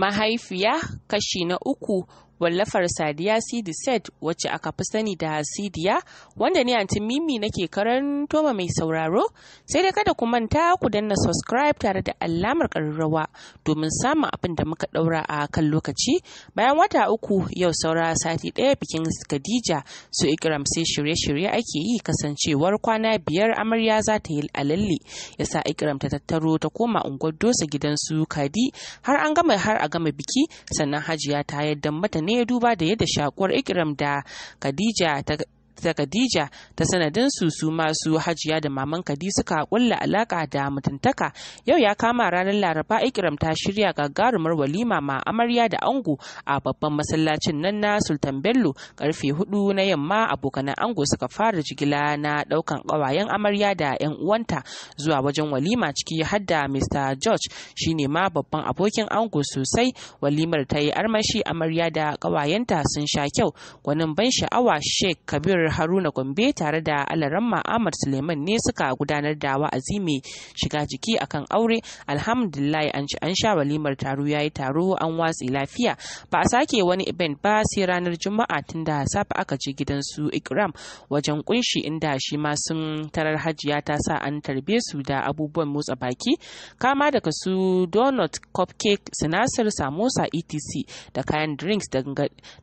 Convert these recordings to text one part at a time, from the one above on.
mahaifiya kashi na uku wallafar sadiya sidi set wacce aka fi sani da sidiya wanda ni antin mimi nake karanto ma mai sauraro sai dai kada ku manta ku danna subscribe tare da alamar karrawa domin samun abin da muka ɗaura a kan lokaci bayan wata uku yau saura sati ɗaya bikin khadija su ikram sai shirye-shirye ake yi kasancewar kwana biyar amarya za ta yi alalle sa ikram ta tattaro ta koma unguwar dosa gidan su kadi har an gama har a gama biki sannan hajiya ta yadda mata ne duba da yadda shakuwar Ikiram da Khadija ta da Khadija ta sanadin su su masu Hajiya da Maman Kadi suka kulla alaka da mutuntaka yau ya kama ranar Laraba Ikram ta shirya gagarumar walima ma amarya da ango a babban masallacin nan na Sultan Bello karfe hudu na yamma abokanan ango suka fara jigila na daukan kawayen amarya da yan uwanta zuwa wajen walima ciki har da Mr. George shine ma babban abokin ango sosai walimar ta yi armashi amarya da kawayenta sun sha kyau gwanin ban sha'awa Sheikh Kabir haruna gombe tare da alaramma ahmad suleiman ne suka gudanar da wa'azi mai shiga jiki akan aure alhamdulillah an ci an sha walimar taro yayi taro an watsi lafiya ba a sake wani event ba sai ranar juma'a tunda da safe aka je gidan su ikram wajen kunshi inda shi ma sun tarar hajiya ta sa an tarbe su da abubuwan motsa baki kama daga su donut cupcake sinasir samosa etc da kayan drinks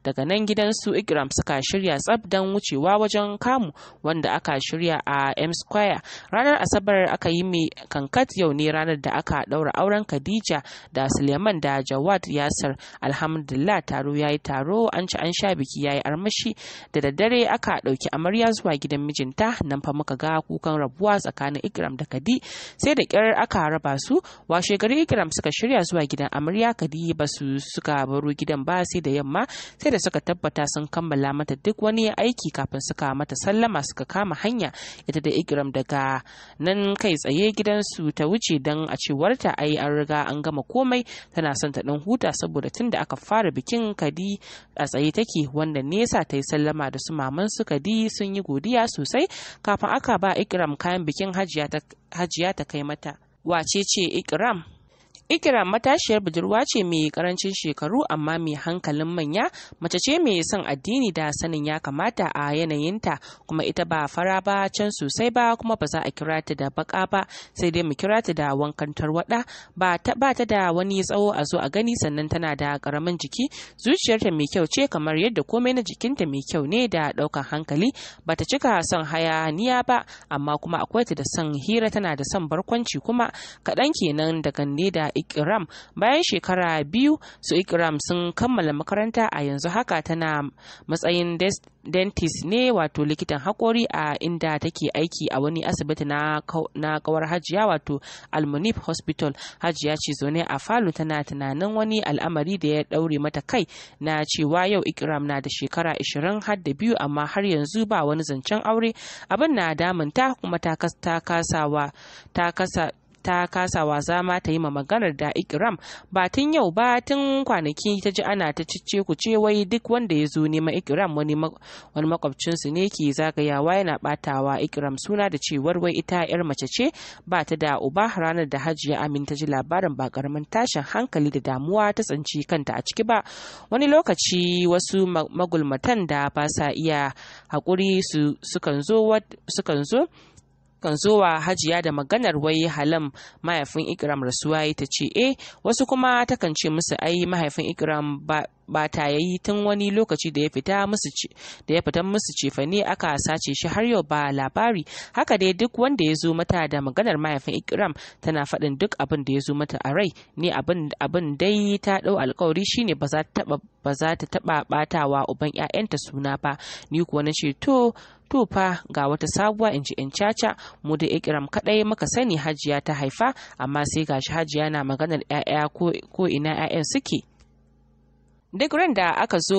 daga nan gidan su ikram suka shirya tsab don wucewa wajen kamu wanda aka shirya a M Square. Ranar Asabar aka yi mai kankat yau ne ranar da aka ɗaura auren Khadija da Suleiman da Jawad Yasir. Alhamdulillah taro ya yi taro an ci an sha biki ya yi armashi da daddare aka ɗauki amarya zuwa gidan mijinta nan fa muka ga kukan rabuwa tsakanin Ikram da Kadi sai da kyar aka raba su washe gari Ikram suka shirya zuwa gidan amarya Kadi ba su suka baro gidan ba sai da yamma sai da suka tabbata sun kammala mata duk wani aiki kafin suka mata sallama suka kama hanya ita da ikiram daga nan kai tsaye gidansu ta wuce don a cewarta ai an riga an gama komai tana son ta dan huta saboda tun da aka fara bikin kadi a tsaye take wanda nesa ta yi sallama da su maman su kadi sun yi godiya sosai kafin aka ba ikiram kayan bikin hajiya ta kai mata wace ce igram Ikira matashiyar budurwa ce mai karancin shekaru amma mai hankalin manya mace ce mai son addini da sanin ya kamata a yanayinta kuma ita ba fara ba can sosai ba kuma ba za a kira ta da baka ba sai dai mu kira ta da wankan tarwada ba ta ba ta da wani tsawo a zo a gani sannan tana da karamin jiki zuciyarta mai kyau ce kamar yadda komai na jikinta mai kyau ne da daukan hankali ba ta cika son hayaniya ba amma kuma akwai ta da son hira tana da son barkwanci kuma kaɗan kenan daga ne da Ikram bayan shekara biyu su ikiram sun kammala makaranta a yanzu haka tana matsayin dentist ne wato likitan hakori a inda take aiki a wani asibiti na kawar hajiya wato almunif hospital hajiya ce zaune a falo tana tunanin wani al'amari da ya ɗaure mata kai na cewa yau ikram na da shekara ashirin har da biyu amma har yanzu ba wani zancen aure abin na damunta kuma ta kasa ta kasa ta kasa wasa ma ta yi ma maganar da ikiram. ba tun yau ba tun kwanaki ta ji ana ta cice ku ce wai duk wanda ya zo nema ikiram wani wani makwabcinsu ne ke zagayawa yana batawa ikiram suna da cewar wai ita yar mace ce ba ta da uba ranar da hajiya amin ta ji labarin ba karamin tashin hankali da damuwa ta tsanci kanta a ciki ba wani lokaci wasu magulmatan da ba sa iya haƙuri sukan zo kan zowa hajiya da maganar wai halam mahaifin ikram rasuwa ta ce e wasu kuma takan ce musu ai mahaifin ikram ba ta yayi tun wani lokaci da ya fita musu da ya fita musu cefa ne aka sace shi har yau ba labari haka dai duk wanda ya zo mata da maganar mahaifin ikram tana faɗin duk abin da ya zo mata a rai ne abin dai ta ɗau alkawari shine ba za ta taɓa batawa uban 'ya'yanta suna ba ni kuwa na ce to to fa ga wata sabuwa in ji in caca mu da ikiram kadai muka sani hajiya ta haifa amma sai gashi hajiya na maganar 'ya'ya ko ina 'ya'yan suke duk ran da aka zo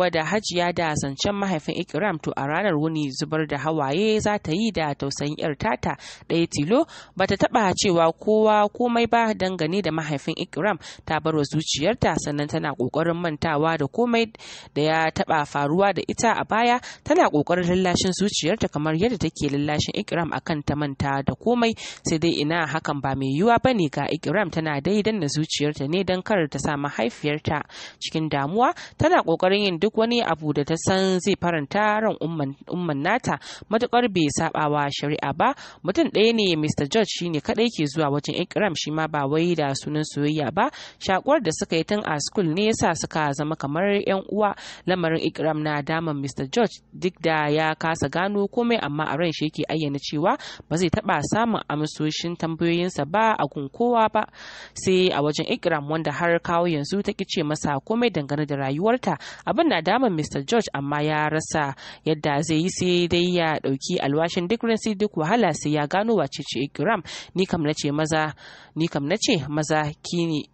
wada hajiya da zancen mahaifin Ikiram to a ranar wuni zubar da hawaye za ta yi da tausayin yar tata ɗaya tilo ba ta taɓa cewa kowa komai ba dangane da mahaifin Ikiram ta bar wa zuciyarta sannan tana ƙoƙarin mantawa da komai da ya taɓa faruwa da ita a baya tana ƙoƙarin lallashin zuciyarta kamar yadda take lallashin ikram akan ta manta da komai sai dai ina hakan ba mai yiwuwa bane ga Ikiram tana daidan da zuciyarta ne don kar ta sa mahaifiyarta cikin damuwa tana kokarin yin duk wani abu da ta san zai faranta ran umman nata matukar bai sabawa shari'a ba mutum ɗaya ne Mr. George shine kadai ke zuwa wajen Ikram shi ma ba wai da sunan soyayya ba shakuwar da suka yi tun a school ne yasa suka zama kamar yan uwa lamarin Ikram na daman Mr. George duk da ya kasa gano komai amma a ran shi yake ayyana cewa ba zai taba samun amsoshin tambayoyinsa ba a gun ba sai a wajen Ikram wanda har kawo yanzu ta ce masa komai komai dangane da rayuwarta abin na dama mr george amma ya rasa yadda zai yi sai dai ya dauki alwashin duk rinsi duk wahala sai ya gano wace ce ikiram ni kam nace maza ni kam nace maza kini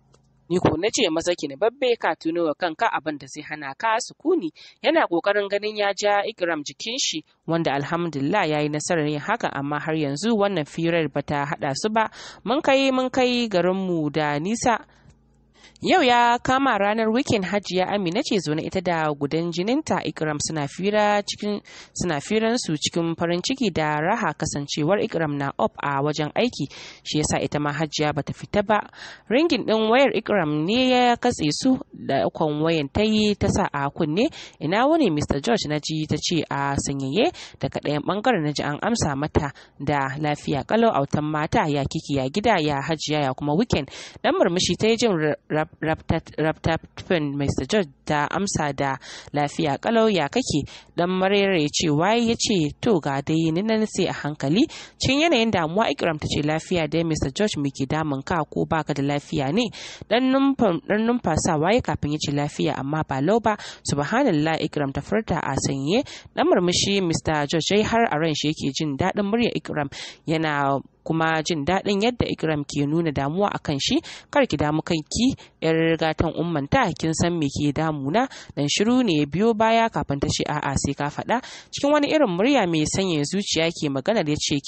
ni ko na ce ki babbe ka tuno wa kanka abin da zai hana ka sukuni yana kokarin ganin ya ja igram jikin shi wanda alhamdulillah ya yi nasarar yin haka amma har yanzu wannan firar bata hada su ba mun kai mun kai garinmu da nisa Yau ya kama ranar wikin Hajiya Amina ce zo na ita da gudan jininta Ikram suna fira cikin suna firan su cikin farin ciki da raha kasancewar Ikram na op a wajen aiki shi yasa ita ma Hajiya bata fita ba. Ringin din wayar Ikram ne ya katse su da kwan wayan ta yi ta sa a kunne ina wani Mr George na ji ta ce a sanyaye daga ɗayan bangaren na ji an amsa mata da lafiya kalau autan mata ya kiki ya gida ya Hajiya ya kuma weekend dan murmushi ta yi jin raptafin mr george ta amsa da lafiya kalau ya kake dan ya ce waye ya ce to ga dai ni nan a hankali Cin yanayin damuwa ikram ta ce lafiya dai mr george muke damun ka ko baka da lafiya ne dan numfasa waye kafin ya ce lafiya amma ba lau ba subhanallah ikram ta furta a sanye dan murmushi mr george har a ran shi yake jin daɗin murya ikram yana kuma jin daɗin yadda Ikram ke nuna damuwa a kan shi kar ki damu kanki yar gatan ummanta kin san me ke damuna dan shiru ne ya biyo baya kafin ta ce a'a sai ka faɗa cikin wani irin murya mai sanya zuciya ke maganar ya ce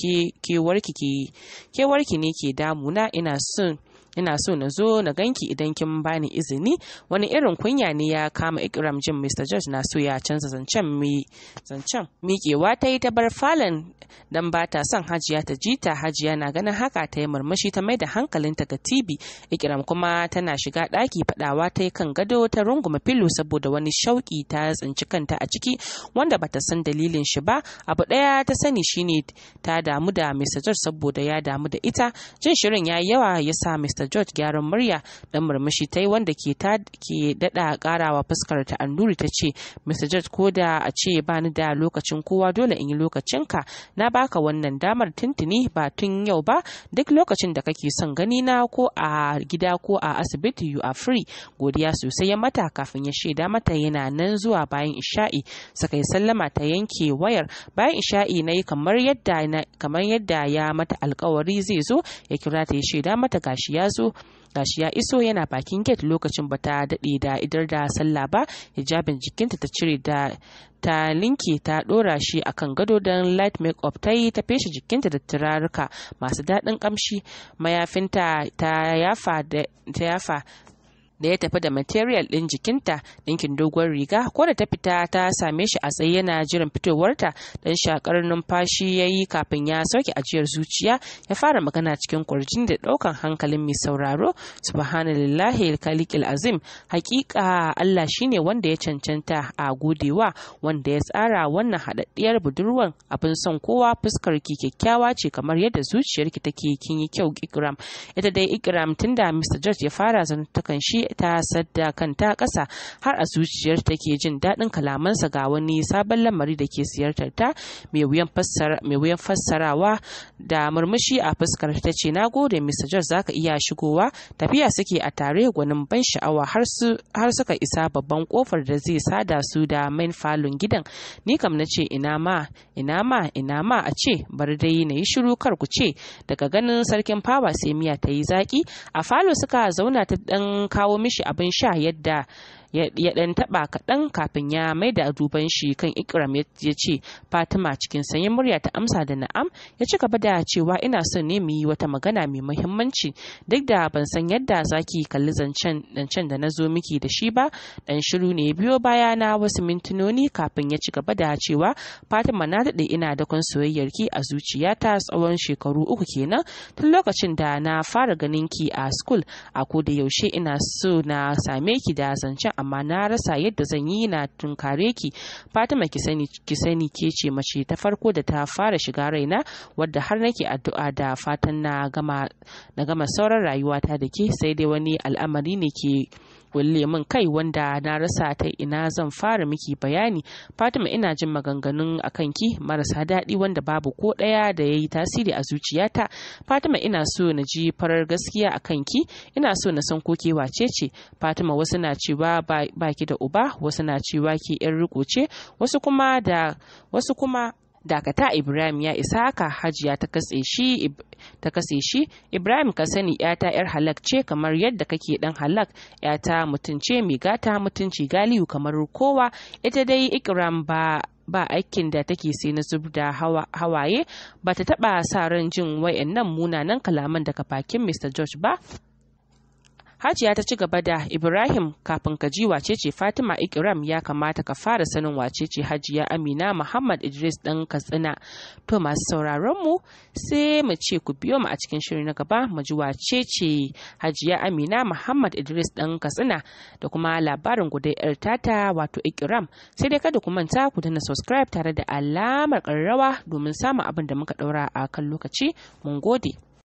ke warki ne ke damuna ina son ina so na zo na ganki idan kin bani izini wani irin kunya ne ya kama ikram jin mr george na so ya canza zancen mi zancen miƙewa ta yi ta bar falon dan ba ta son hajiya ta ji ta hajiya na ganin haka ta yi murmushi ta mai da ta ga tibi Ikiram kuma tana shiga ɗaki faɗawa ta yi kan gado ta runguma filo saboda wani shauki ta tsinci kanta a ciki wanda bata san dalilin shi ba abu ɗaya ta sani shine ta damu da mr george saboda ya damu da ita jin shirin ya yawa ya sa mr George gyaran murya dan murmushi ta yi wanda ke ta ke dada karawa fuskar ta annuri ta ce Mr. George ko da a ce ba da lokacin kowa dole in yi lokacin ka na baka wannan damar tuntuni ba tun yau ba duk lokacin da kake son gani na ko a gida ko a asibiti you are free godiya sosai ya mata kafin ya shaida mata yana nan zuwa bayan isha'i saka yi sallama ta yanke wayar bayan isha'i na yi kamar yadda kamar yadda ya mata alkawari zai zo ya kira ta ya shaida mata gashi ya ya gashi ya iso yana bakin gate lokacin ba ta daɗe da idar da sallah ba hijabin jikinta ta cire da ta linke ta ɗora shi akan gado don light makeup ta yi ta feshe jikinta da turaruka masu daɗin ƙamshi mayafinta ta yafa da ya tafi da material ɗin jikinta ɗinkin dogon riga ko da ta fita ta same shi a tsaye yana jiran fitowarta don shakar numfashi ya yi kafin ya sauke ajiyar zuciya ya fara magana cikin kwarjin da ɗaukan hankalin mai sauraro subhanallahi kalikil azim Haƙiƙa Allah shine wanda ya cancanta a godewa wanda ya tsara wannan haɗaɗɗiyar budurwan abin son kowa fuskar ki kyakkyawa ce kamar yadda zuciyarki take kin yi kyau ikram ita dai ikram tunda Mr. George ya fara zantukan shi ta sadda kanta ƙasa har a zuciyar ta ke jin daɗin kalamansa ga wani sabon lamari da ke ziyartar ta mai wuyan fassarawa da murmushi a fuskar ta ce na gode Mr. George zaka iya shigowa tafiya suke a tare gwanin ban sha'awa har suka isa babban kofar da zai sada su da main falon gidan ni kam na ce ina ma ina ma ina ma a ce bari dai na yi shiru kar ku ce daga ganin sarkin fawa sai miya ta yi zaki a falo suka zauna ta dan kawo mishi abin sha yadda ya dan taba kaɗan kafin ya mai da duban shi kan ikram ya ce fatima cikin sanyin murya ta amsa da na'am ya ci gaba da cewa ina son ne mu yi wata magana mai muhimmanci duk da ban san yadda zaki kalli zancen da na zo miki da shi ba dan shiru ne biyo baya na wasu mintunoni kafin ya ci gaba da cewa fatima na daɗe ina da soyayyar ki a zuciyata tsawon shekaru uku kenan tun lokacin da na fara ganin ki a school a ko da yaushe ina so na same ki da zancen amma na rasa yadda zan yi na tunkare ki fatima ki sani ki sani ke ce mace ta farko da ta fara shiga raina wadda har nake addu'a da fatan na gama na gama sauran rayuwata da ke sai dai wani al'amari ne ke kulle min kai wanda na rasa ta ina zan fara miki bayani fatima ina jin maganganun akan ki marasa daɗi wanda babu ko ɗaya da ya yi tasiri a zuciyata fatima ina so na ji farar gaskiya akan ki ina so na san ko ke wace ce fatima wasu na cewa ba da uba wasu na cewa ki yan riko ce wasu kuma da wasu kuma dakata ibrahim ya isa ka hajiya ta katse shi ta katse shi ibrahim ka sani yata yar halak ce kamar yadda kake dan halak yata mutunce mai gata mutunci galiyu kamar kowa ita dai ikram ba ba aikin da take sai na zub da hawaye ba ta taba sa ran jin wayannan munanan kalaman daga bakin mr george ba Hajiya ta ci gaba da Ibrahim kafin ka ji wacece Fatima Ikram ya kamata ka fara sanin wacece Hajiya Amina Muhammad Idris ɗan Katsina. To masu sauraron mu sai mu ce ku biyo mu a cikin shirin na gaba mu ji wacece Hajiya Amina Muhammad Idris ɗan Katsina da kuma labarin gudai ƴar tata wato Ikram. Sai dai kada ku manta ku dana subscribe tare da alamar ƙararrawa domin samun abin da muka ɗaura a kan lokaci. Mun gode.